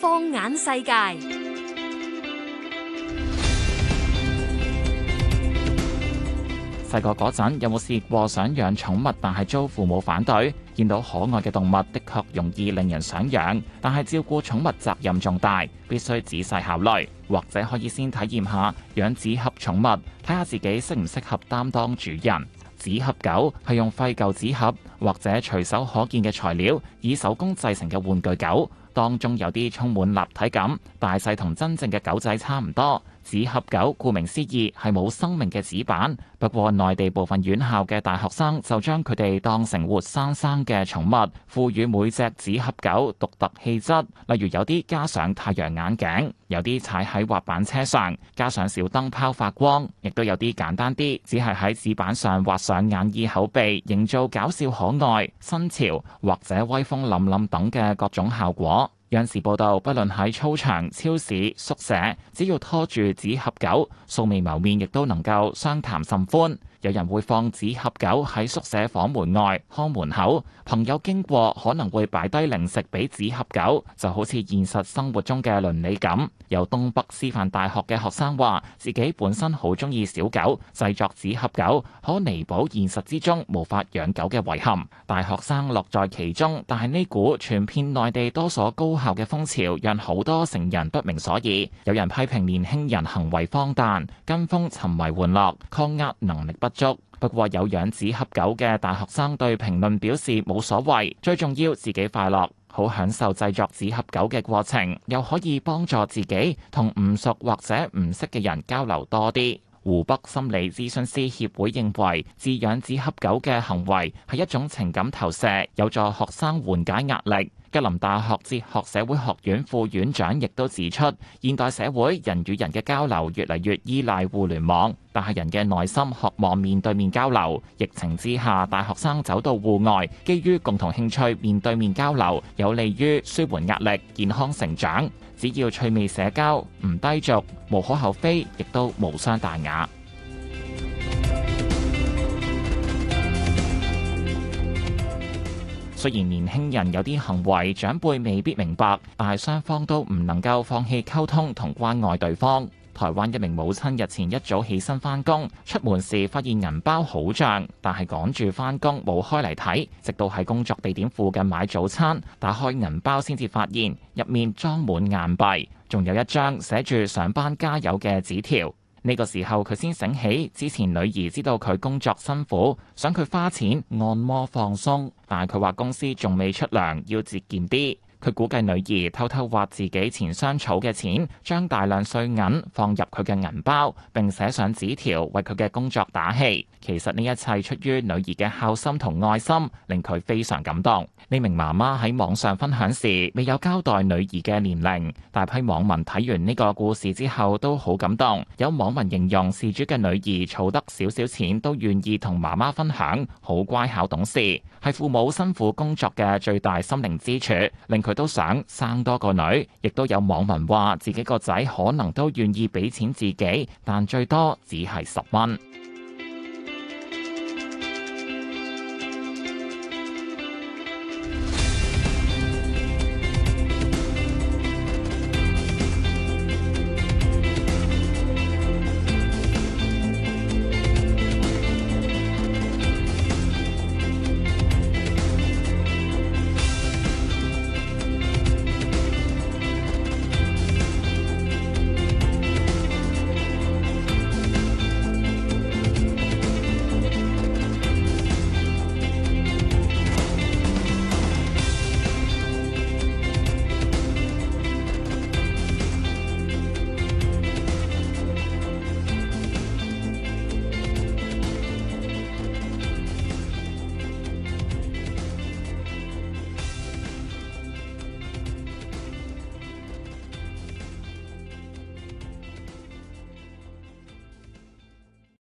放眼世界，細個嗰陣有冇試過想養寵物，但係遭父母反對？見到可愛嘅動物，的確容易令人想養，但係照顧寵物責任重大，必須仔細考慮。或者可以先體驗下養紙盒寵物，睇下自己適唔適合擔當主人。紙盒狗係用廢舊紙盒，或者隨手可見嘅材料，以手工製成嘅玩具狗，當中有啲充滿立體感，大細同真正嘅狗仔差唔多。紙盒狗，顧名思義係冇生命嘅紙板。不過，內地部分院校嘅大學生就將佢哋當成活生生嘅寵物，賦予每隻紙盒狗獨特氣質。例如有啲加上太陽眼鏡，有啲踩喺滑板車上，加上小燈泡發光，亦都有啲簡單啲，只係喺紙板上畫上眼耳口鼻，營造搞笑可愛、新潮或者威風凜凜等嘅各種效果。央視報道，不論喺操場、超市、宿舍，只要拖住紙盒狗，素未謀面亦都能夠相談甚歡，有人會放紙盒狗喺宿舍房門外、看門口，朋友經過可能會擺低零食俾紙盒狗，就好似現實生活中嘅鄰里感。有東北師範大學嘅學生話自己本身好中意小狗，製作紙盒狗可彌補現實之中無法養狗嘅遺憾。大學生樂在其中，但係呢股傳遍內地多所高。校嘅風潮讓好多成人不明所以，有人批評年輕人行為荒誕、跟風沉迷玩樂、抗壓能力不足。不過有養紙盒狗嘅大學生對評論表示冇所謂，最重要自己快樂，好享受製作紙盒狗嘅過程，又可以幫助自己同唔熟或者唔識嘅人交流多啲。湖北心理諮詢師協會認為，飼養紙盒狗嘅行為係一種情感投射，有助學生緩解壓力。吉林大學哲學社會學院副院長亦都指出，現代社會人與人嘅交流，越嚟越依賴互聯網，但係人嘅內心渴望面對面交流。疫情之下，大學生走到戶外，基於共同興趣面對面交流，有利於舒緩壓力、健康成長。只要趣味社交唔低俗，無可厚非，亦都無傷大雅。雖然年輕人有啲行為，長輩未必明白，但係雙方都唔能夠放棄溝通同關愛對方。台灣一名母親日前一早起身返工，出門時發現銀包好脹，但係趕住返工冇開嚟睇，直到喺工作地點附近買早餐，打開銀包先至發現入面裝滿硬幣，仲有一張寫住上班加油嘅紙條。呢個時候佢先醒起，之前女兒知道佢工作辛苦，想佢花錢按摩放鬆，但係佢話公司仲未出糧，要節儉啲。佢估計女兒偷偷挖自己錢箱儲嘅錢，將大量碎銀放入佢嘅銀包，並寫上紙條為佢嘅工作打氣。其實呢一切出於女兒嘅孝心同愛心，令佢非常感動。呢名媽媽喺網上分享時未有交代女兒嘅年齡。大批網民睇完呢個故事之後都好感動，有網民形容事主嘅女兒儲得少少錢都願意同媽媽分享，好乖巧懂事，係父母辛苦工作嘅最大心靈支柱，令佢都想生多個女，亦都有網民話自己個仔可能都願意俾錢自己，但最多只係十蚊。